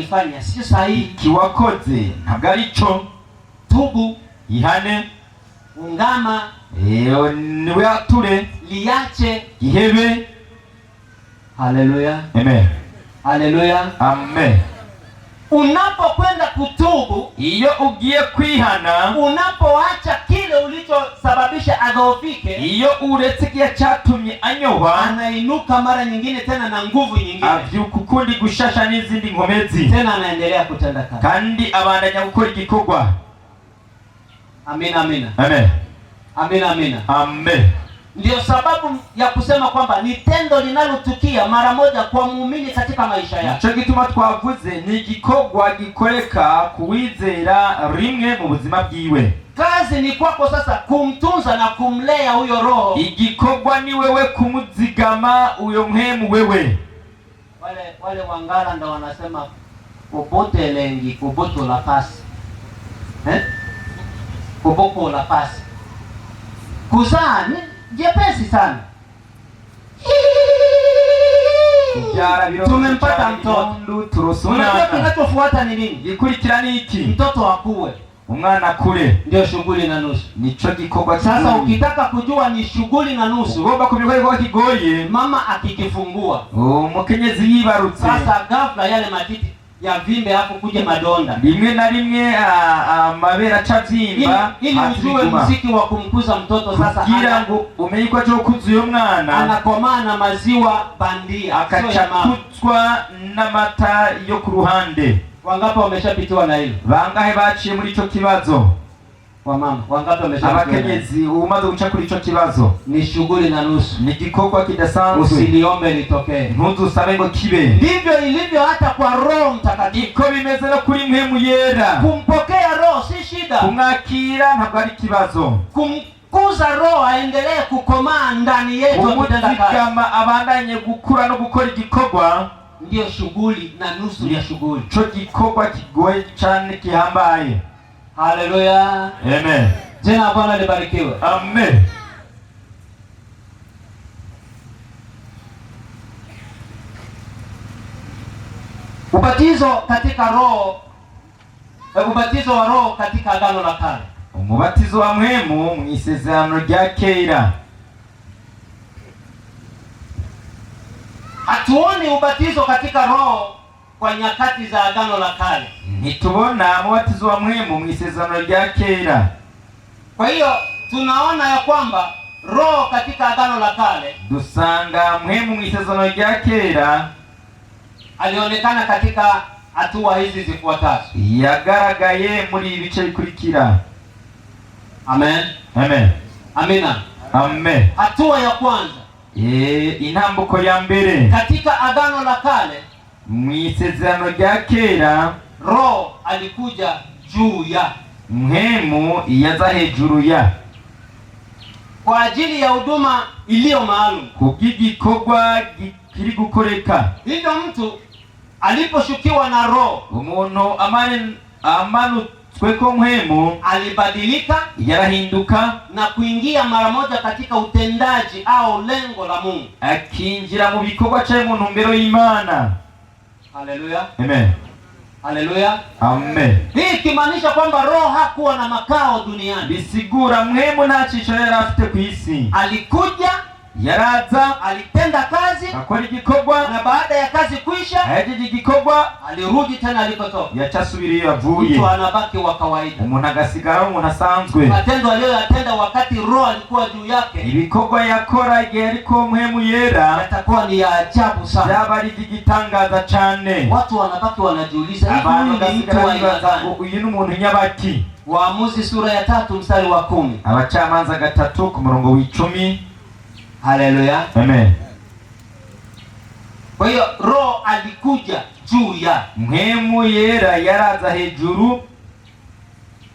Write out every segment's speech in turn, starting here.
ifanya sio sahihi kiwakoze ntabwo tubu ihane ungama eyo niwe ature liache gihebe. haleluya amen haleluya amen unapokwenda kutubu, iyo ugiye kwihana, unapoacha kile ulichosababisha adhoofike, iyo uretse igihe cyatumye anyoba, anainuka mara nyingine tena na nguvu nyingine, avyuka ukundi gushasha n'izindi nkomezi tena, anaendelea kutenda kazi kandi abandanya gukora igikorwa. Amina, amina, amen, amina, amina, amen. Ndiyo sababu ya kusema kwamba ni tendo linalotukia mara moja kwa muumini katika maisha yake. Nico gituma twavuze ni gikogwa gikoreka kuwizera rimwe mu buzima bwiwe. Kazi ni kwako sasa kumtunza na kumlea huyo roho. igikogwa ni wewe kumuzigama uyo mhemu wewe. Wale wale Wangala ndo wanasema obote lengi la pasi. Eh? Kuboko la pasi. Kuzaa jepesi sana. Tumempata mtoto. Unajua kinachofuata ni nini? ni iki mtoto akuwe umwana kule, ndio shughuli na nusu. Nicho gikorwa sasa. Ukitaka kujua ni shughuli na nusu, ugomba kubikora kwa kigoye. Mama akikifungua umukenyezi oh, yibarutse, sasa ghafla yale matiti vimbe hapo kuje madonda rimwe na rimwe amabera acavyimba ili ujue muziki wa kumkuza mtoto sasa, kugira ngo umenye ko acokuza mwana anakomana na maziwa bandia na n'amata yo ku ruhande. wameshapitiwa na hilo? Bangahe baciye muri cho kibazo? kwa wamama wangapi abakenyezi umaze guca kuri ico kibazo ni shughuli na nusu ni gikorwa kidasanzwe usiliombe litokee ntuzusabe ngo kibe ndivyo ilivyo hata kwa roho mtakatifu ko bimeze no kuri mpemu yera kumpokea roho si shida kumwakira ntabwo ari ikibazo Kum kuza roho aendelee kukomaa ndani yetu umuzigama abandanye gukura no gukora igikorwa ndiyo shughuli na nusu ya shughuli ico gikorwa kigoye cane gihambaye Haleluya. Amen. Jina Bwana libarikiwe. Amen. Ubatizo katika roho, ubatizo wa roho katika agano la kale. Umubatizo wa muhemu mu isezerano rya kera. Hatuoni ubatizo katika roho kwa nyakati za agano la kale nitubona umubatizo wa mwemu mu rya kera. Kwa hiyo tunaona ya kwamba roho katika agano la kale, dusanga mwemu mu rya kera alionekana katika hatua hizi zifuatazo, yagaragaye muri ibice bikurikira. Amen, amen, amina, amen. Hatua ya kwanza e, intambuko ya mbere katika agano la kale mu rya kera Roho alikuja juu ya mhemu yaza hejuru ya kwa ajili ya huduma iliyo maalum kugigikogwa kiri gukoreka. Hivyo mtu aliposhukiwa na roho umuntu amanutswe ko mhemu alibadilika, yarahinduka na kuingia mara moja katika utendaji au lengo la Mungu, akinjira mu bikorwa cyangwa mu ntumbero y'Imana. Haleluya, amen. Haleluya. Amen. Hii ikimaanisha kwamba roho hakuwa na makao duniani. Bisigura mwemu na chicho afite ku Alikuja, yaraza, alitenda kazi, akora igikorwa na baada ya ahejeje igikorwa alirudi tena alipotoka yacasubiriye yavuye mtu anabaki wa kawaida umuntu agasigara umuntu asanzwe matendo aliyoyatenda wakati roho alikuwa juu yake ibikorwa yakora igihe yariko mpemu yera yatakuwa ni ya ajabu sana byaba ari igitangaza cane watu wanabaki wanajiuliza hivi mtu wa aina gani uyu ni umuntu nyabaki Waamuzi sura ya tatu mstari wa kumi abacamanza gatatu ku murongo w'icumi haleluya amen kwa hiyo roho alikuja juu ya mhemu yera yaraza hejuru.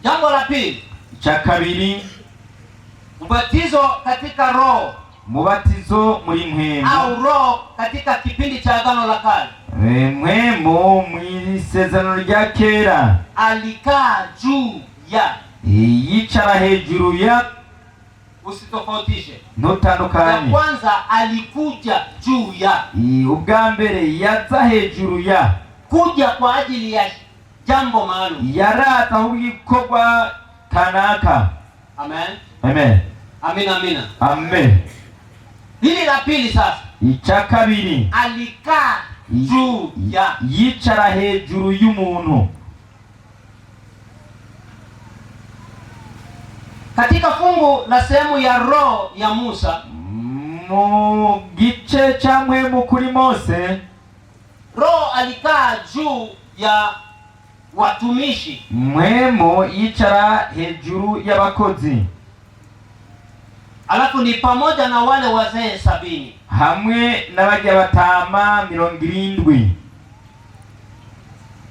Jambo la pili cha kabiri, ubatizo katika roho mubatizo muri mhemu au roho katika kipindi cha agano la kale. mhemu mwili sezano rya kera alikaa juu ya yicara hejuru ya usitofautishe ntutandukanye kwanza alikuja juu ya ubwa mbere yaza hejuru ya kuja kwa ajili ya jambo maalum yarataho ibikorwa kanaka amen amen amen amen amen hili la pili sasa icya kabiri alikaa juu ya yicara hejuru y'umuntu katika fungu la sehemu ya roho ya Musa mu gice mwemu kuri Mose roho alikaa juu ya watumishi mwemo yicara hejuru y'abakozi alafu ni pamoja na wale wazee sabini hamwe na batama mirongo irindwi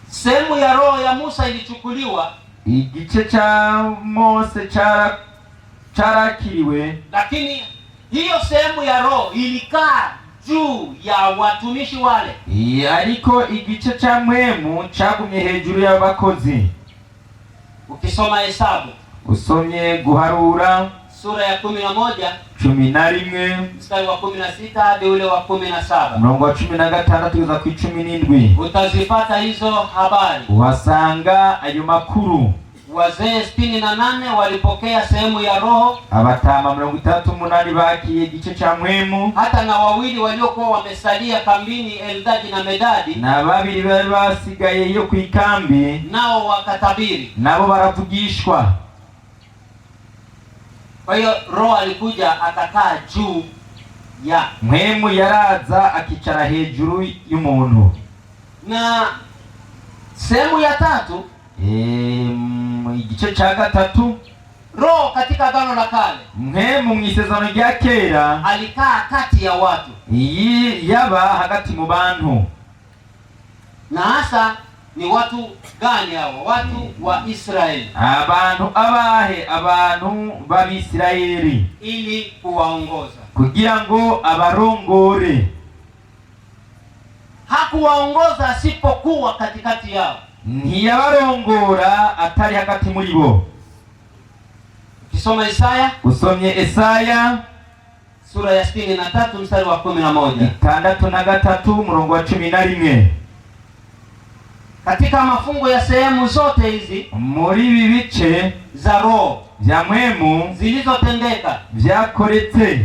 sehemu ya roho ya Musa ilichukuliwa igice cha Mose cyarakiriwe, lakini hiyo sehemu ya roho ilikaa juu ya watumishi wale, ariko igice cya mpwemu cyagumye hejuru bakozi. Ukisoma hesabu, usomye guharura sura ya kumi na moja cumi na rimwe mstari wa kumi na sita hadi ule wa kumi na saba mrongo wa cumi na gatandatu kugeza ku icumi n'indwi utazifata hizo habari wasanga ayo makuru wazee sitini na nane walipokea sehemu ya roho, abatama mirongo itandatu munani bakiye igice cha muhemu, hata na wawili waliokuwa wamesalia kambini, Eldadi na Medadi, na babiri bari basigaye yo ku nao wakatabiri, nabo baravugishwa kwa hiyo Roho alikuja akakaa juu ya mpwemu yaraza akicara hejuru y'umuntu. Na sehemu ya tatu igice cha gatatu Roho katika Agano la Kale, mpwemu mu rya kera alikaa kati ya watu, iyi yaba hagati mu bantu na hasa ni watu gani hawa? Watu wa Israeli, ah, abantu abahe? Abantu ba Israeli, ili kuwaongoza kugira ngo abarongore. Hakuwaongoza asipokuwa katikati yao, ntiyabarongora atari hagati muri bo. Ukisoma Isaya, usomye Isaya sura ya sitini na tatu mstari wa kumi na moja itandatu na gatatu murongo wa cumi na rimwe katika mafungo ya sehemu zote hizi muri ibi bice za roho vya mwemu zilizotendeka vyakoretse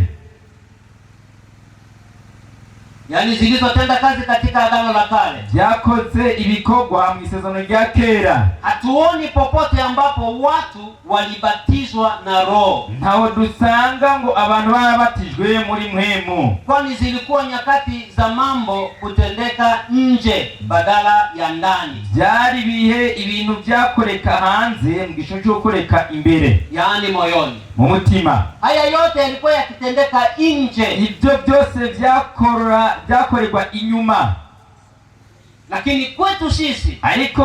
yani zilizotenda kazi katika agano la kale byakoze ibikorwa mu isezerano rya kera. Hatuoni popote ambapo watu walibatizwa na Roho, ntaho dusanga ngo abantu barabatijwe muri muhemu, kwani zilikuwa nyakati za mambo kutendeka nje badala ya ndani. Byari bihe ibintu byakoreka hanze mu gisho cyo kureka imbere, yani moyoni mu mutima. Haya yote yalikuwa yakitendeka nje, ibyo byose byakora byakorerwa inyuma lakini kwetu sisi ariko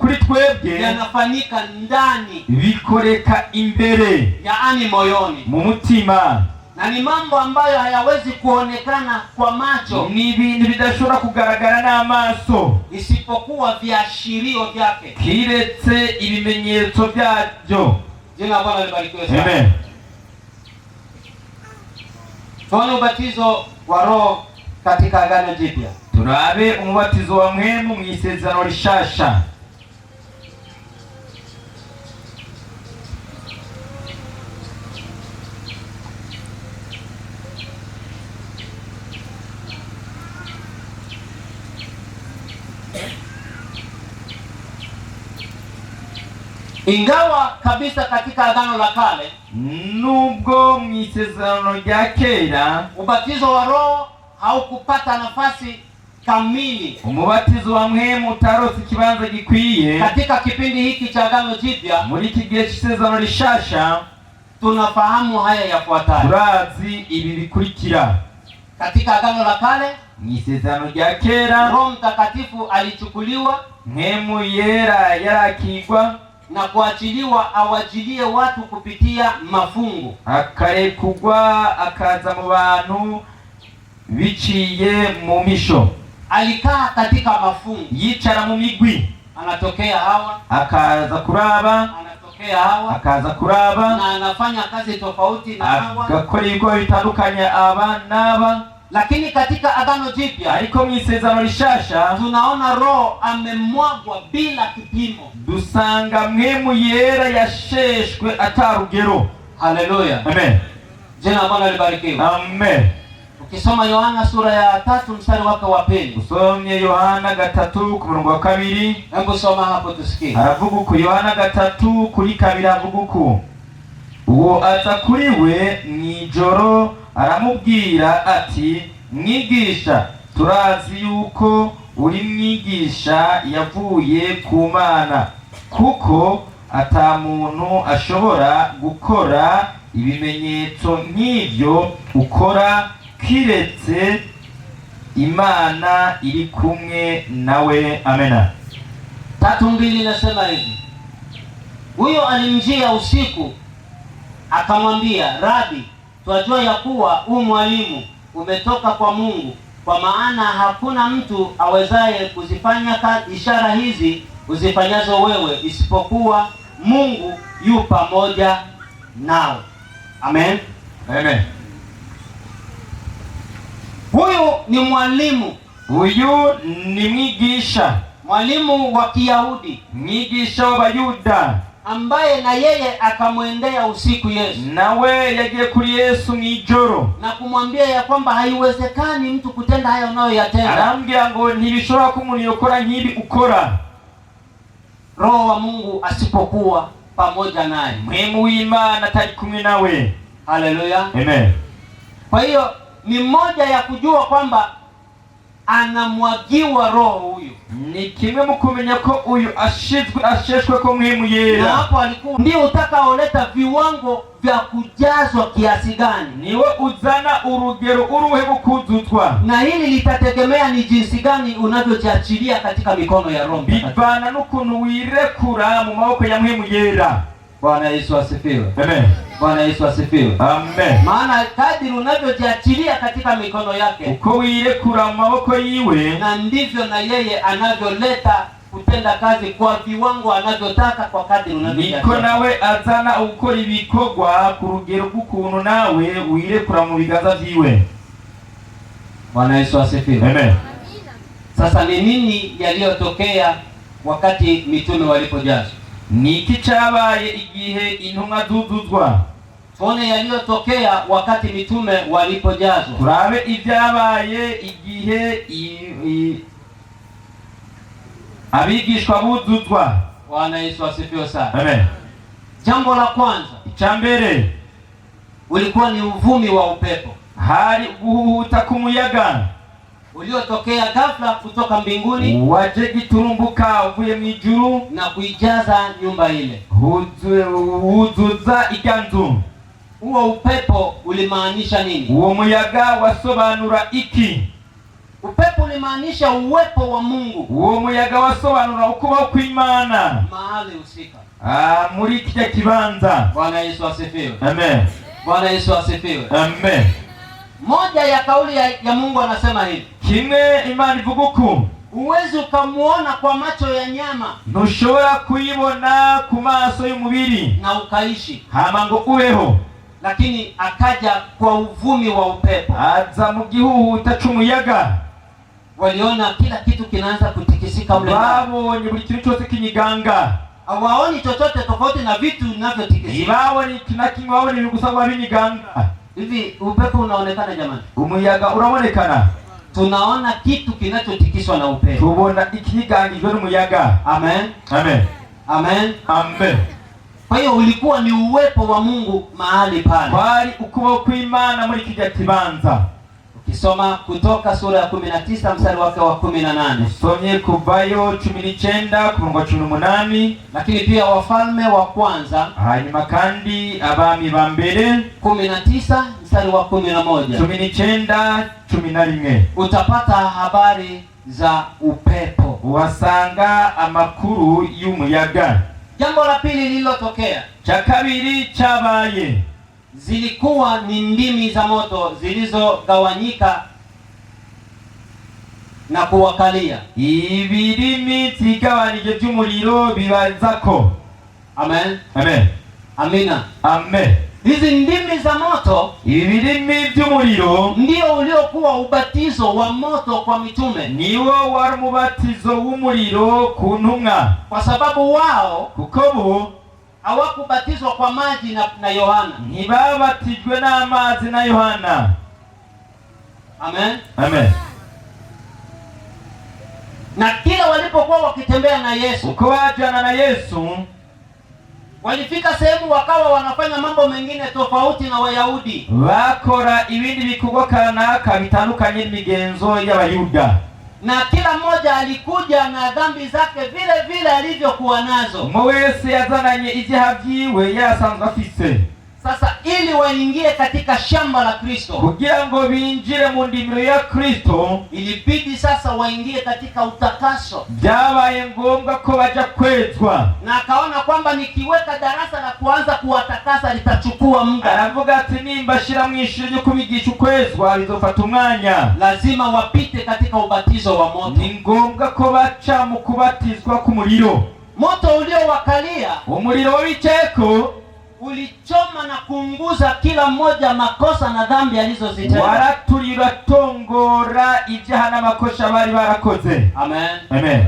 kuri twebwe yanafanyika ndani, bikoreka imbere, yaani moyoni, mu mutima, na ni mambo ambayo hayawezi kuonekana kwa macho, ni ibintu bidashobora kugaragara n'amaso, isipokuwa viashirio vyake, kiretse ibimenyetso vyavyo. Jina Bwana libarikiwe sana. Amen. ubatizo wa Roho katika agano jipya turabe umubatizo wa mwemu mu isezerano rishasha ingawa kabisa katika agano la kale nubwo mu isezerano rya kera ubatizo wa roho au kupata nafasi kamili. umubatizo wa mhemu utarose ikibanza gikwiye katika kipindi hiki cha agano jipya, muri kigihe gihe c'isezerano rishasha, tunafahamu haya yafuatayo. Turazi ibi bikurikira katika agano la kale ni isezerano rya kera, Roho Mtakatifu alichukuliwa, mwemu yera yarakigwa na kuachiliwa awajilie watu kupitia mafungu, akarekugwa akaza mu bantu vichiye mumisho alikaa katika mafungu yicara mu migwi anatokea hawa akaza kuraba hawa akaza kuraba na anafanya kazi tofauti na hawa agakora ibigo bitandukanye aba naba lakini katika Agano Jipya ariko mu isezerano rishasha tunaona Roho amemwagwa bila kipimo, dusanga mwemu yera yasheshwe atarugero. Haleluya, amen. Jina la Bwana libarikiwe, amen. Kisoma Yohana sura ya tatu mstari wake wa pili. Usomye Yohana gatatu ku murongo wa kabiri. Hebu soma hapo tusikie. Aravuga uku Yohana gatatu kuri kabiri avuga uku. Uwo aza kuri we mw'ijoro aramubwira ati mwigisha turazi yuko uri mwigisha yavuye ku Mana kuko atamuntu ashobora gukora ibimenyetso nk'ibyo ukora kiretse Imana ili kumwe nawe. Amena. Tatu mbili nasema hivi, huyo alimjia usiku akamwambia, Rabi, twajua ya kuwa u mwalimu umetoka kwa Mungu, kwa maana hakuna mtu awezaye kuzifanya ishara hizi uzifanyazo wewe isipokuwa Mungu yu pamoja nao. Amen. Amen. Huyu ni mwalimu, uyu ni mwigisha, mwalimu wa Kiyahudi, mwigisha bayuda ambaye na yeye akamwendea usiku Yesu, nawe yagiye kuri Yesu mwijoro na kumwambia ya kwamba haiwezekani mtu kutenda haya unayoyatenda. Arambwira ngo ntibishobora ko umuntu yokora nk'ibi ukora. Roho wa Mungu asipokuwa pamoja naye, mwemu w'Imana atari kumwe nawe. Haleluya, amen. Kwa hiyo ni moja ya kujua kwamba anamwagiwa roho huyu, ni kimwe mukumenya ko uyu ashizwe asheshwe ko muhimu yera. Hapo alikuwa ndio utakaoleta viwango vya kujazwa kiasi gani, niwe uzana urugero uruhe bukuzutwa na hili litategemea ni jinsi gani unavyochachilia katika mikono ya Roho, bivana n'ukuntu wirekura mu maoko ya muhimu yera Bwana Yesu asifiwe. Amen. Bwana Yesu asifiwe. Amen. Maana kadiri unavyojiachilia katika mikono yake, uko wirekura maboko yiwe, na ndivyo na yeye anavyoleta kutenda kazi kwa viwango anavyotaka kwa kadiri unavyojiachilia. Niko nawe azana ukora ibikogwa ku rugero rw'ukuntu nawe wirekura mu biganza vyiwe. Bwana Yesu asifiwe. Amen. Sasa ni nini yaliyotokea wakati mitume walipojazwa? Niki iki igihe intumwa duduzwa? One yaliyotokea wakati mitume walipojazwa. Turabe ibyabaye igihe abigishwa bududwa. Bwana Yesu asifiwe sana. Amen. Jambo la kwanza, cha ulikuwa ni uvumi wa upepo, hari guhuhuta kumuyaga uliotokea ghafla kutoka mbinguni waje giturumbuka uvuye mu na kuijaza nyumba ile huzuza iganzu. Huo upepo ulimaanisha nini? Uwo muyaga wasobanura iki? Upepo ulimaanisha uwepo wa Mungu. Uwo muyaga wasobanura ukubaho kw'Imana mahali husika, ah, muri kija kibanza. Bwana Yesu asifiwe. Amen. Bwana Yesu asifiwe. Amen. Moja ya kauli ya, ya Mungu anasema hivi kimwe imana vuguku uwezi ukamuona kwa macho ya nyama ntushobora kuyibona ku maso y'umubiri na ukaishi hama ngo uweho lakini akaja kwa uvumi wa upepo aza mu gihuhuta c'umuyaga waliona kila kitu kinaanza kutikisika mle babonye buri kintu cyose kinyiganga awaoni chochote tofauti na vitu vinavyotikisika ntibabone na kimwe babone ibiri gusa binyiganga Hivi upepo unaonekana jamani? Umuyaga unaonekana? Tunaona kitu kinachotikiswa na upepo. Tubona ikigangijwe n'umuyaga. Amen. Amen. Amen. Amen. Kwa hiyo ulikuwa ni uwepo wa Mungu mahali pale. Bali ukuwa kwa imani muri kijya kibanza. Isoma Kutoka sura ya 19 mstari wake wa 18. Sonye kuvayo 19 kurongo Lakini pia Wafalme wa kwanza ni makandi abami ba mbele 19 mstari wa 11. 19 Utapata habari za upepo, wasanga amakuru y'umuyaga. Jambo la pili lililotokea, Chakabiri chabaye zilikuwa ni ndimi za moto zilizogawanyika na kuwakalia. ibirimi zigabanije by'umuriro bibanzako. Amen. Amen. Amina. Amen. Hizi ndimi za moto, ibi birimi by'umuriro, ndio uliokuwa ubatizo wa moto kwa mitume, niwo wari umubatizo w'umuriro ku ntumwa, kwa sababu wao kuko hawakubatizwa kwa maji na Yohana, mhm. ntibabatijwe n'amazi na Yohana. Amen, amen. Na kila walipokuwa wakitembea na Yesu, uko wajana na Yesu, walifika sehemu wakawa wanafanya mambo mengine tofauti na Wayahudi, bakora ibindi bikorwa kanaka bitandukanye n'imigenzo y'Abayuda na kila mmoja alikuja na dhambi zake vile vile alivyokuwa nazo mowese yazananye ibyaha byiwe yasanzwe afise sasa ili waingie katika shamba la Kristo, kugira ngo binjire mu ndimiro ya Kristo, ilibidi sasa waingie katika utakaso. Byabaye ngombwa ko baja kwezwa, na akaona kwamba nikiweka darasa la kuanza kuwatakasa litachukua muda. Aravuga ati nimbashira mu ishuri ryo kubigisha ukwezwa bizofata umwanya, lazima wapite katika ubatizo wa moto. Ni ngombwa ko baca mu kubatizwa ku muriro, moto uliowakalia, umuriro w'ibiceko ulichoma na kuunguza kila mmoja makosa na dhambi alizozitenda. waratulibatongora ibyaha n'amakosa bari barakoze. Amen. Amen.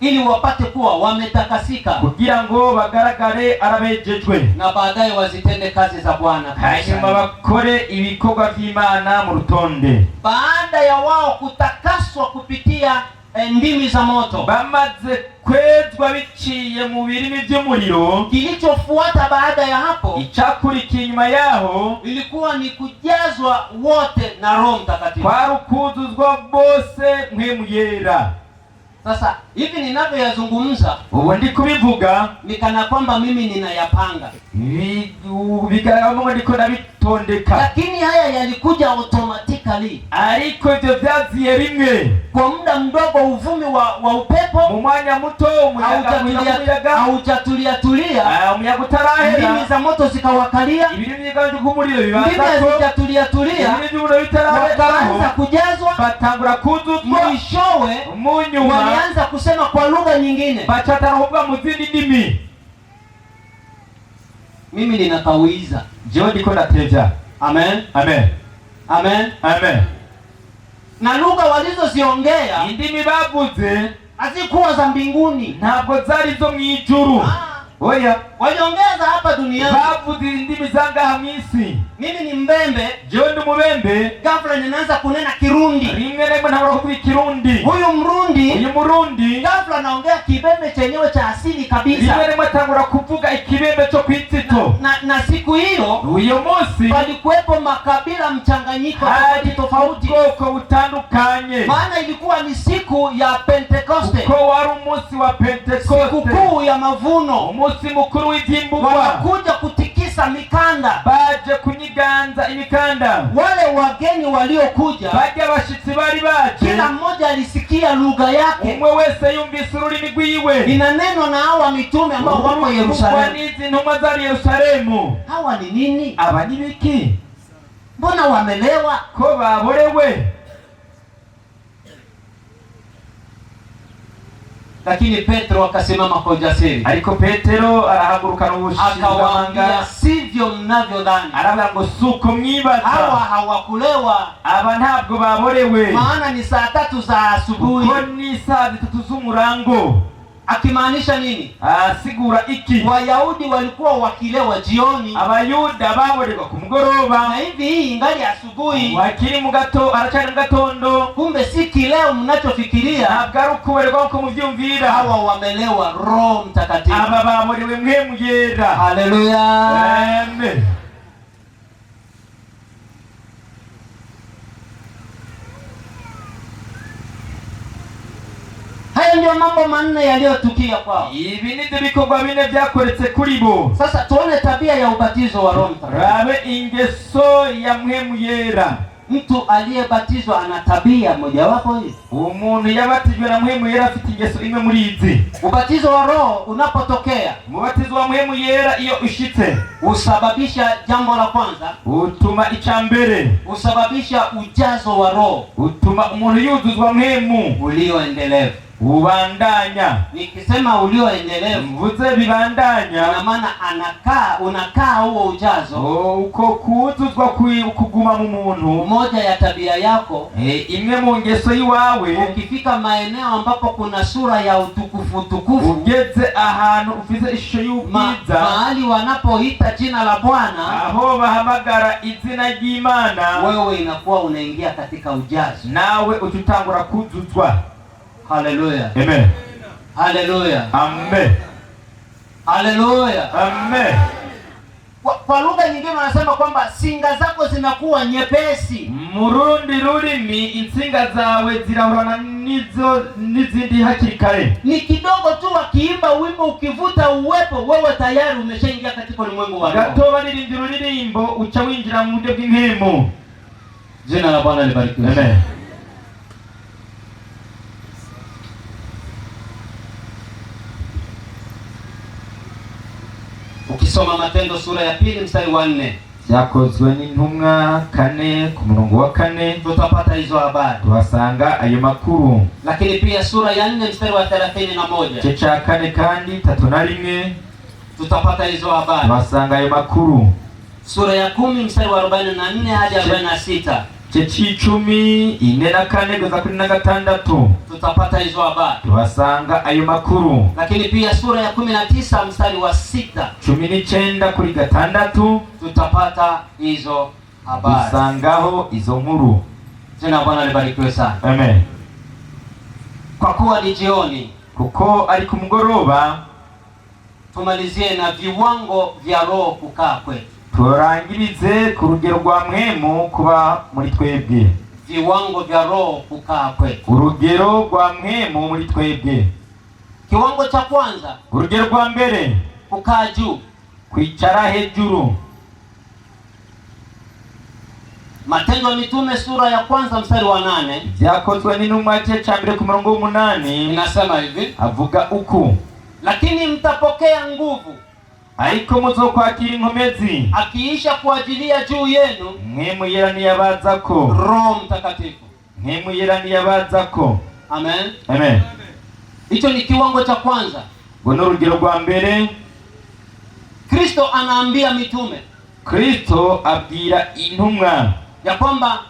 ili wapate kuwa wametakasika kugira ngo bagaragare arabejejwe na baadaye wazitende kazi za Bwana, hanyuma bakore ibikorwa vy'Imana mu rutonde. Baada ya wao kutakaswa kupitia endimi za moto bamaze kwezwa biciye mu birimi by'umuriro. Kilichofuata baada ya hapo, icakurikiye inyuma yaho, ilikuwa ni kujazwa wote na Roho Mtakatifu, kwari bose mpwemu yera. Sasa hivi ninavyoyazungumza, ubu ndi kubivuga, nikana kwamba mimi ninayapanga vigaramo, ndiko nabitondeka, lakini haya yalikuja automatic kali ariko ibyo byaziye rimwe kwa muda mdogo uvumi wa, wa upepo mu mwanya muto haujatulia tulia ah, umuyaga utarahera ndimi za moto zikawakalia ibirimi byiganje tulia ibirimi kujazwa batangura kuzuzwa mwishowe walianza kusema kwa lugha nyingine bacatarahuga mu zindi ndimi mimi ninakawiza jodi ko nateja amen amen Amen. Amen. Na lugha walizoziongea indimi bavuze azikuwa za mbinguni ntabwo zari zo mu ijuru. Ah. Oya Wajiongeza hapa duniani. Babu zindimi zanga hamisi. Mimi ni mbembe. Jewe ndi mubembe. Ghafla ninaanza kunena Kirundi. Rimwe na mwana wakubiri Kirundi. Huyu Mrundi. Huyu Murundi. Ghafla naongea kibembe chenyewe cha asili kabisa. Rimwe na matangura kuvuga ikibembe cho kwitito. Na, na, na siku hiyo. Uyo musi. Palikuwepo makabila mchanganyiko tofauti tofauti. Ubwoko butandukanye. Maana ilikuwa ni siku ya Pentekoste. Uko wari umunsi wa Pentekoste. Sikukuu ya mavuno. Umunsi mukuru wanakuja kutikisa mikanda baje kunyiganza imikanda wale wageni waliokuja baje bashitsi bari baje kila mmoja alisikia lugha yake umwe wese yumvise ururimi rwiwe neno na hawa mitume ambao wako Yerusalemu nizi ntumwa Yerusalemu hawa ni nini aba ni biki mbona wamelewa ko baborewe lakini Petro akasimama kwa ujasiri. Ariko Petero arahaguruka akawaambia, sivyo mnavyodhani. Aravuga ngo suko mwibaza, hawa hawakulewa, aba ntabwo baborewe, maana ni saa tatu za asubuhi, ni saa zitatu z'umurango akimaanisha nini? Ah, sigura iki Wayahudi walikuwa wakilewa jioni, abayuda baborerwa ku mugoroba, na hivi hii ingali asubuhi, wakiri mu aracari Kumbe si kileo mnachofikiria, ntabwo ari ukuberwa nkuko muvyumvira. Hawa wamelewa Roho Mtakatifu, aba baborewe mwe muyera. Haleluya, amen. Hayo ndio mambo manne yaliyotukia kwao. Ibi nivyo kwa bine vyakoretse kuri bo. Sasa tuone tabia ya ubatizo wa Roho Mtakatifu. Rabe ingeso ya mhemu yera. Mtu aliyebatizwa ana tabia mojawapo hizi. Umuntu yabatijwe na mhemu yera afite ingeso imwe muri izi. Ubatizo wa Roho unapotokea, mubatizo wa mhemu yera iyo ushitse, usababisha jambo la kwanza, utuma icha mbere, usababisha ujazo wa Roho, utuma umuntu yuzuzwa mhemu ulioendelevu ubandanya. Nikisema endelevu mvuze vibandanya, na maana anakaa unakaa huo ujazo uko kuuzuzwa kuguma mu muntu. Moja ya tabia yako e, imwe mu ngeso iwawe. Ukifika maeneo ambapo kuna sura ya utukufu tukufu, ugeze ahantu ufize ishusho y'ubwiza, mahali wanapoita jina la Bwana, aho bahamagara izina ry'Imana, wewe inakuwa unaingia katika ujazo, nawe ututangura kuzuzwa Haleluya. Amen. Haleluya. Amen. Haleluya. Amen. Kwa lugha nyingine wanasema kwamba singa zako zinakuwa nyepesi. murundi rurimi insinga zawe zirahurana nizo nizindi hakiri kare. Ni kidogo tu wakiimba wimbo ukivuta uwepo wewe tayari umeshaingia katika ulimwengu wa roho. Gatoba nirindi ruririmbo ucha winjira mu buryo Jina la Bwana libarikiwe. Amen. ukisoma Matendo sura ya pili mstari wa nne byakozwe n'intumwa kane ku murongo wa kane tutapata hizo habari, tuhasanga ayo makuru. Lakini pia sura ya nne mstari wa thelathini na moja igice ca kane kandi tatu na rimwe tutapata hizo habari, tuhasanga ayo makuru. Sura ya kumi mstari wa arobaini na nne hadi arobaini na sita cy'icumi ine na kane kugeza kuri na gatandatu tutapata hizo habari, tuhasanga ayo makuru. Lakini pia sura ya kumi na tisa mstari wa sita cumi n'icyenda kuri gatandatu tutapata hizo habari, tusangaho izo nkuru. Jina Bwana libarikiwe sana, amen. Kwa kuwa ni jioni, kuko ari ku tumalizie na viwango vya roho kukaa kwetu turangirize ku rugero rwa mwemu kuba muri twebwe viwango vya roho kukaa kwetu, urugero rwa mwemu muri twebwe. Kiwango cha kwanza, urugero rwa mbere, kukaa juu, kwicara hejuru. Matendo ya Mitume sura ya kwanza mstari wa nane vyakozwe n'intumwa cha mbere ku murongo w'umunani inasema hivi, avuga uku, lakini mtapokea nguvu ariko muzokwakira inkomezi akiisha kuajilia juu yenu mwimuyiraniye abazako Roho Mtakatifu mwimuyiraniye abazako amen amen. Hicho ni kiwango cha kwanza, gono urugero rwa mbere. Kristo anaambia mitume, Kristo abwira intumwa ya kwamba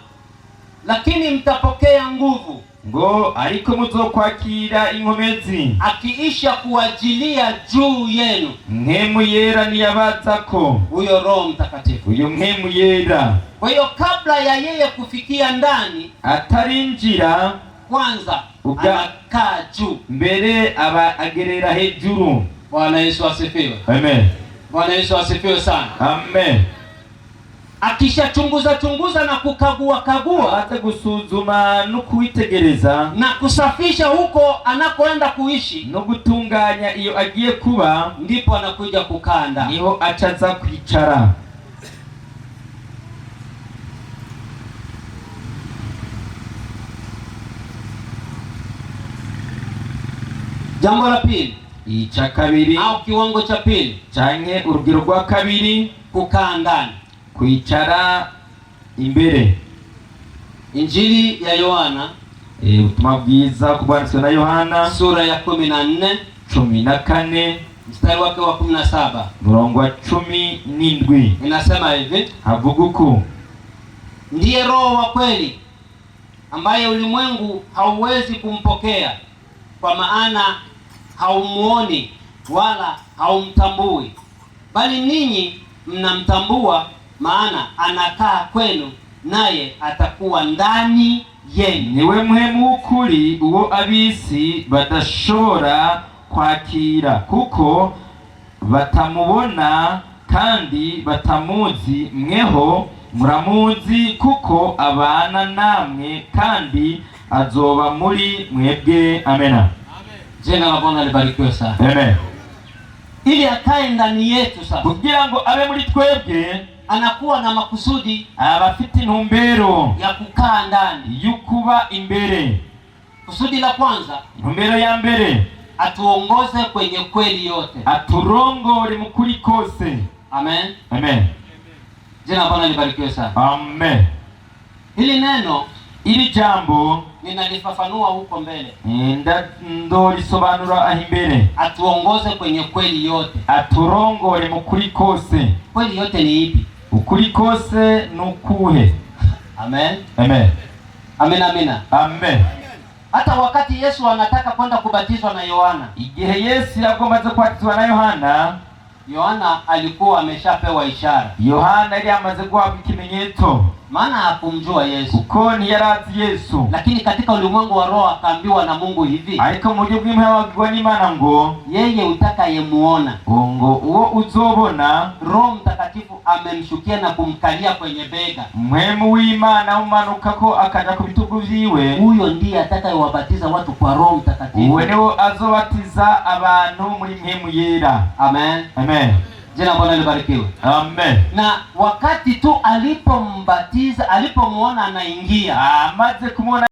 lakini mtapokea nguvu ngo ariko muzo kwakira inkomezi akiisha kuwajilia juu yenu mpemu yera niyabazako huyo Roho Mtakatifu uyo mpemu yera. Kwa hiyo kabla ya yeye kufikia ndani atarinjira kwanza anakaa juu mbere aba agerera hejuru. Bwana Yesu asifiwe. Amen. Bwana Yesu asifiwe sana. Amen akisha chunguza na kukagua kagua, hata gusuzuma no kuitegereza, na kusafisha huko anakoenda kuishi no gutunganya iyo agiye kuba, ndipo anakuja kukanda, niho achaza kwicara Jambo la pili icha kabiri au kiwango cha pili chanye urugiro rwa kabiri kukandana kwicara imbere Injili ya Yohana e, bwiza na Yohana sura ya kumi na nne cumi na kane mstari wake wa kumi na saba murongo wa cumi n'indwi inasema hivi, havuga uku ndiye Roho wa kweli ambaye ulimwengu hauwezi kumpokea kwa maana haumuoni wala haumtambui, bali ninyi mnamtambua maana anakaa kwenu naye atakuwa ndani yenu niwe muhemu w'ukuri uwo ab'isi badashobora kwakira kuko batamubona kandi batamuzi mweho muramuzi kuko abana namwe kandi azoba muri mwebwe amena jina la libarikiwe sana amen ili akae ndani yetu sasa kugira ngo abe muri twebwe anakuwa na makusudi abafite ah, intumbero ya kukaa ndani yukuba imbere. Kusudi la kwanza, intumbero ya mbere, atuongoze kwenye kweli yote, aturongore mukuri kose. Amen, amen. Jina Bwana libarikiwe sana. Amen. Hili neno ili jambo ninalifafanua huko mbele, nda ndolisobanura aho imbere. Atuongoze kwenye kweli yote, aturongore mukuri kose. Kweli yote ni ipi? ukuri kose nukuhe. Amen. Amen. Amen, amina. Amen. Hata wakati Yesu anataka kwenda kubatizwa na Yohana, igihe Yesu yagombaze kubatizwa na Yohana, Yohana alikuwa ameshapewa ishara. Yohana yari amaze guhabwa ikimenyetso maana hakumjua Yesu koni yarazi Yesu, lakini katika ulimwengu wa roho akaambiwa na Mungu hivi ariko mu buryo bw'intababurwa n'Imana ngo yeye utakayemuona ngo uwo uzobona. Roho Mtakatifu amemshukia na kumkalia kwenye bega, mwemu w'Imana umanuka ko akaja ku bitugu vyiwe. Huyo ndiye atakayewabatiza watu kwa Roho Mtakatifu, uwe niwo azobatiza abantu muri mpemu yera. Amen, amen. Jina Bwana libarikiwe. Amen. Na wakati tu alipombatiza, alipomwona anaingia, amaze kumwona